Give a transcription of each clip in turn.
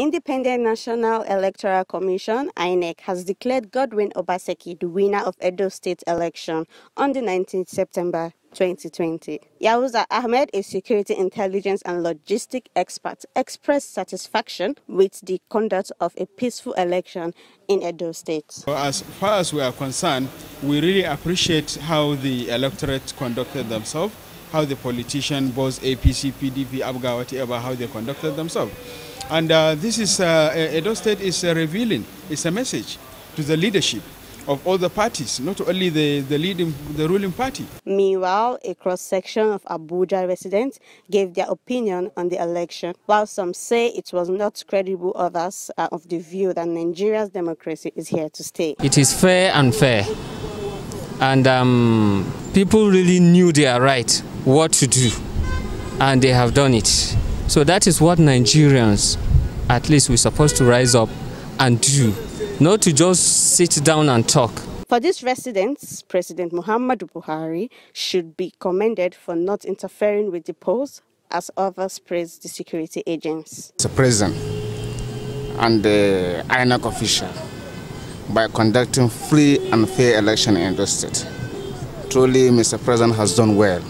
Independent National Electoral Commission (INEC) has declared Godwin Obaseki the winner of Edo State election on the 19th September 2020. Yahuza Ahmed, a security intelligence and logistic expert, expressed satisfaction with the conduct of a peaceful election in Edo State. As far as we are concerned, we really appreciate how the electorate conducted themselves how the politician, both APC, PDP, ABGA, whatever, how they conducted themselves. And uh, this is, uh, Edo State is uh, revealing, it's a message to the leadership of all the parties, not only the, the, leading, the ruling party. Meanwhile, a cross-section of Abuja residents gave their opinion on the election. While some say it was not credible, others are of the view that Nigeria's democracy is here to stay. It is fair and fair. And um, people really knew their right, what to do, and they have done it. So that is what Nigerians, at least we're supposed to rise up and do, not to just sit down and talk. For these residents, President Muhammadu Buhari should be commended for not interfering with the polls as others praise the security agents. It's a prison and the INEC official by conducting free and fair election in the state truly Mr. President has done well.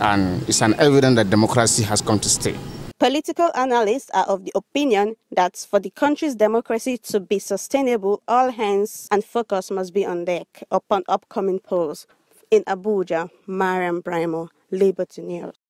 And it's an evidence that democracy has come to stay. Political analysts are of the opinion that for the country's democracy to be sustainable, all hands and focus must be on deck upon upcoming polls. In Abuja, Mariam Brimo, Liberty News.